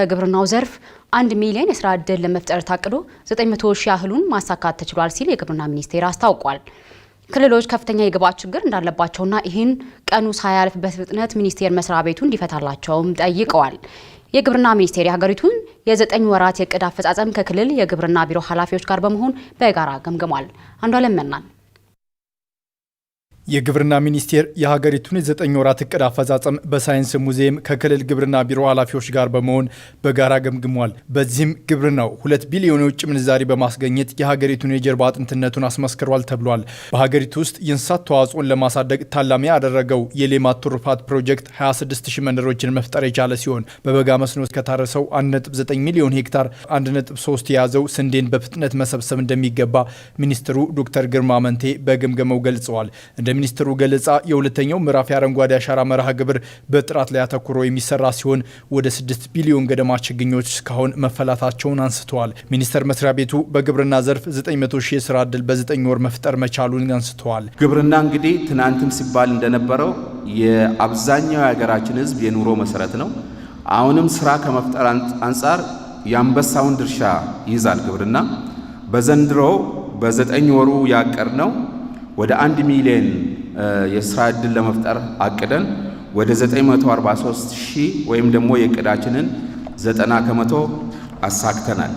በግብርናው ዘርፍ አንድ ሚሊዮን የስራ ዕድል ለመፍጠር ታቅዶ 900 ሺህ ያህሉን ማሳካት ተችሏል ሲል የግብርና ሚኒስቴር አስታውቋል። ክልሎች ከፍተኛ የግብዓት ችግር እንዳለባቸውና ይህን ቀኑ ሳያልፍ በፍጥነት ሚኒስቴር መስሪያ ቤቱ እንዲፈታላቸውም ጠይቀዋል። የግብርና ሚኒስቴር የሀገሪቱን የዘጠኝ ወራት የቅድ አፈጻጸም ከክልል የግብርና ቢሮ ኃላፊዎች ጋር በመሆን በጋራ ገምግሟል። አንዷለም መናን የግብርና ሚኒስቴር የሀገሪቱን የዘጠኝ ወራት እቅድ አፈጻጸም በሳይንስ ሙዚየም ከክልል ግብርና ቢሮ ኃላፊዎች ጋር በመሆን በጋራ ገምግሟል። በዚህም ግብርናው ሁለት ቢሊዮን የውጭ ምንዛሪ በማስገኘት የሀገሪቱን የጀርባ አጥንትነቱን አስመስክሯል ተብሏል። በሀገሪቱ ውስጥ የእንስሳት ተዋጽኦን ለማሳደግ ታላሚ ያደረገው የሌማት ትሩፋት ፕሮጀክት 26 መንደሮችን መፍጠር የቻለ ሲሆን በበጋ መስኖ ከታረሰው 1.9 ሚሊዮን ሄክታር 1.3 የያዘው ስንዴን በፍጥነት መሰብሰብ እንደሚገባ ሚኒስትሩ ዶክተር ግርማ መንቴ በግምገመው ገልጸዋል። ሚኒስትሩ ገለጻ የሁለተኛው ምዕራፍ የአረንጓዴ አሻራ መርሃ ግብር በጥራት ላይ አተኩሮ የሚሰራ ሲሆን ወደ 6 ቢሊዮን ገደማ ችግኞች እስካሁን መፈላታቸውን አንስተዋል። ሚኒስቴር መስሪያ ቤቱ በግብርና ዘርፍ 900 ሺህ የስራ ዕድል በ9 ወር መፍጠር መቻሉን አንስተዋል። ግብርና እንግዲህ ትናንትም ሲባል እንደነበረው የአብዛኛው የሀገራችን ህዝብ የኑሮ መሰረት ነው። አሁንም ስራ ከመፍጠር አንጻር የአንበሳውን ድርሻ ይይዛል። ግብርና በዘንድሮ በዘጠኝ ወሩ ያቀር ነው ወደ አንድ ሚሊዮን የስራ ዕድል ለመፍጠር አቅደን ወደ 943 ሺህ ወይም ደግሞ የእቅዳችንን 90 ከመቶ አሳክተናል።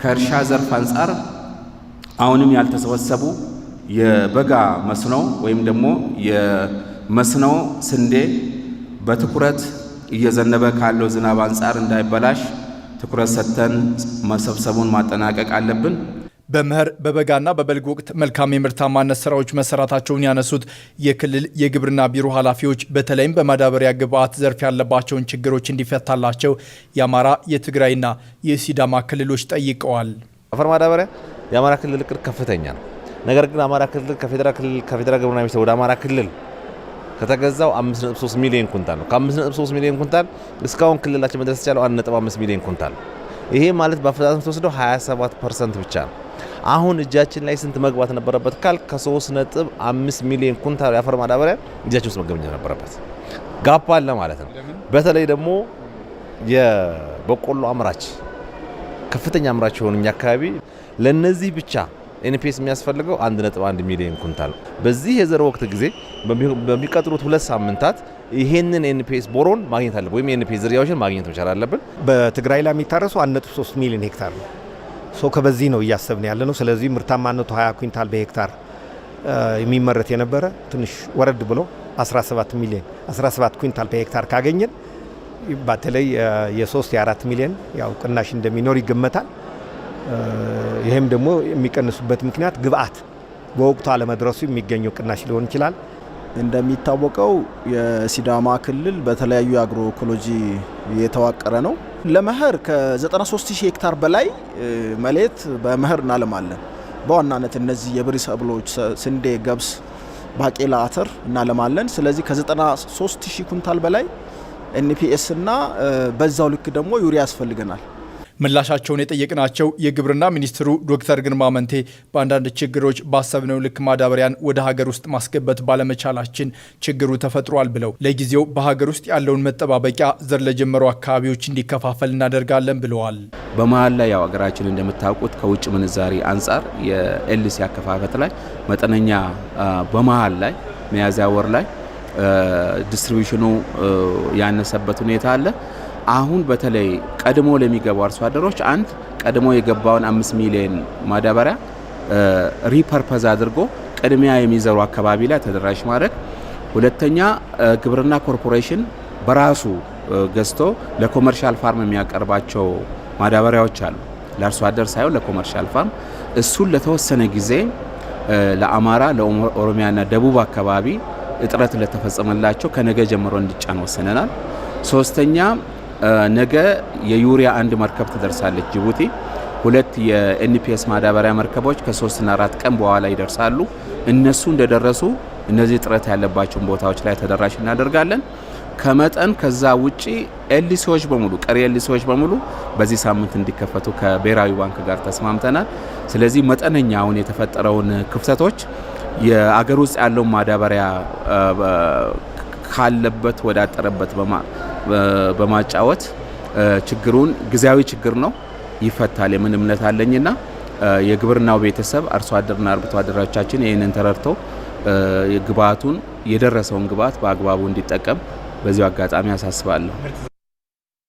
ከእርሻ ዘርፍ አንጻር አሁንም ያልተሰበሰቡ የበጋ መስኖ ወይም ደግሞ የመስኖ ስንዴ በትኩረት እየዘነበ ካለው ዝናብ አንጻር እንዳይበላሽ ትኩረት ሰጥተን መሰብሰቡን ማጠናቀቅ አለብን። በመኸር በበጋና በበልግ ወቅት መልካም የምርታማነት ስራዎች መሰራታቸውን ያነሱት የክልል የግብርና ቢሮ ኃላፊዎች በተለይም በማዳበሪያ ግብዓት ዘርፍ ያለባቸውን ችግሮች እንዲፈታላቸው የአማራ የትግራይና የሲዳማ ክልሎች ጠይቀዋል። አፈር ማዳበሪያ የአማራ ክልል እቅድ ከፍተኛ ነው። ነገር ግን አማራ ክልል ከፌዴራል ግብርና ሚኒስቴር ወደ አማራ ክልል ከተገዛው 5.3 ሚሊዮን ኩንታል ነው። ከ5.3 ሚሊዮን ኩንታል እስካሁን ክልላችን መድረስ የቻለው 1.5 ሚሊዮን ኩንታል ይሄ ማለት በአፈጻጸም ተወስደው 27 ፐርሰንት ብቻ ነው። አሁን እጃችን ላይ ስንት መግባት ነበረበት ካል ከ3.5 ሚሊዮን ኩንታል የአፈር ማዳበሪያ እጃችን ውስጥ መገኘት ነበረበት። ጋፕ አለ ማለት ነው። በተለይ ደግሞ የበቆሎ አምራች ከፍተኛ አምራች የሆኑ እኛ አካባቢ ለነዚህ ብቻ ኤንፒኤስ የሚያስፈልገው 1.1 ሚሊዮን ኩንታል ነው። በዚህ የዘር ወቅት ጊዜ በሚቀጥሉት ሁለት ሳምንታት ይሄንን ኤንፒኤስ ቦሮን ማግኘት አለብን፣ ወይም ኤንፒኤስ ዝርያዎችን ማግኘት መቻል አለብን። በትግራይ ላይ የሚታረሱ 1.3 ሚሊዮን ሄክታር ነው። ሶ ከበዚህ ነው እያሰብን ያለ ነው። ስለዚህ ምርታማነቱ 20 ኩንታል በሄክታር የሚመረት የነበረ ትንሽ ወረድ ብሎ 17 ሚሊዮን 17 ኩንታል በሄክታር ካገኘን በተለይ የ4 ሚሊዮን ያው ቅናሽ እንደሚኖር ይገመታል። ይህም ደግሞ የሚቀንሱበት ምክንያት ግብአት በወቅቱ አለመድረሱ የሚገኘው ቅናሽ ሊሆን ይችላል። እንደሚታወቀው የሲዳማ ክልል በተለያዩ የአግሮ ኢኮሎጂ የተዋቀረ ነው። ለመኸር ከ93 ሺህ ሄክታር በላይ መሬት በመኸር እናለማለን። በዋናነት እነዚህ የብሪ ሰብሎች ስንዴ፣ ገብስ፣ ባቄላ፣ አተር እናለማለን። ስለዚህ ከ93 ሺህ ኩንታል በላይ ኤንፒኤስ እና በዛው ልክ ደግሞ ዩሪያ ያስፈልገናል። ምላሻቸውን የጠየቅናቸው የግብርና ሚኒስትሩ ዶክተር ግርማ መንቴ በአንዳንድ ችግሮች ባሰብነው ልክ ማዳበሪያን ወደ ሀገር ውስጥ ማስገበት ባለመቻላችን ችግሩ ተፈጥሯል ብለው ለጊዜው በሀገር ውስጥ ያለውን መጠባበቂያ ዘር ለጀመሩ አካባቢዎች እንዲከፋፈል እናደርጋለን ብለዋል። በመሀል ላይ ያው ሀገራችን እንደምታውቁት ከውጭ ምንዛሪ አንጻር የኤልሲ አከፋፈት ላይ መጠነኛ በመሀል ላይ ሚያዝያ ወር ላይ ዲስትሪቢሽኑ ያነሰበት ሁኔታ አለ። አሁን በተለይ ቀድሞ ለሚገቡ አርሶ አደሮች አንድ ቀድሞ የገባውን አምስት ሚሊዮን ማዳበሪያ ሪፐርፐዝ አድርጎ ቅድሚያ የሚዘሩ አካባቢ ላይ ተደራሽ ማድረግ፣ ሁለተኛ ግብርና ኮርፖሬሽን በራሱ ገዝቶ ለኮመርሻል ፋርም የሚያቀርባቸው ማዳበሪያዎች አሉ። ለአርሶ አደር ሳይሆን ለኮመርሻል ፋርም እሱን ለተወሰነ ጊዜ ለአማራ፣ ለኦሮሚያና ደቡብ አካባቢ እጥረት ለተፈጸመላቸው ከነገ ጀምሮ እንዲጫን ወስነናል። ሶስተኛ ነገ የዩሪያ አንድ መርከብ ትደርሳለች ጅቡቲ። ሁለት የኤንፒኤስ ማዳበሪያ መርከቦች ከሶስትና አራት ቀን በኋላ ይደርሳሉ። እነሱ እንደደረሱ እነዚህ ጥረት ያለባቸውን ቦታዎች ላይ ተደራሽ እናደርጋለን። ከመጠን ከዛ ውጪ ኤልሲዎች በሙሉ ቀሪ ኤልሲዎች በሙሉ በዚህ ሳምንት እንዲከፈቱ ከብሔራዊ ባንክ ጋር ተስማምተናል። ስለዚህ መጠነኛ አሁን የተፈጠረውን ክፍተቶች የአገር ውስጥ ያለውን ማዳበሪያ ካለበት ወዳጠረበት በማጫወት ችግሩን ጊዜያዊ ችግር ነው ይፈታል የምን እምነት አለኝና የግብርናው ቤተሰብ አርሶ አደርና አርብቶ አደራቻችን ይህንን ተረድተው ግብአቱን የደረሰውን ግብአት በአግባቡ እንዲጠቀም በዚሁ አጋጣሚ አሳስባለሁ።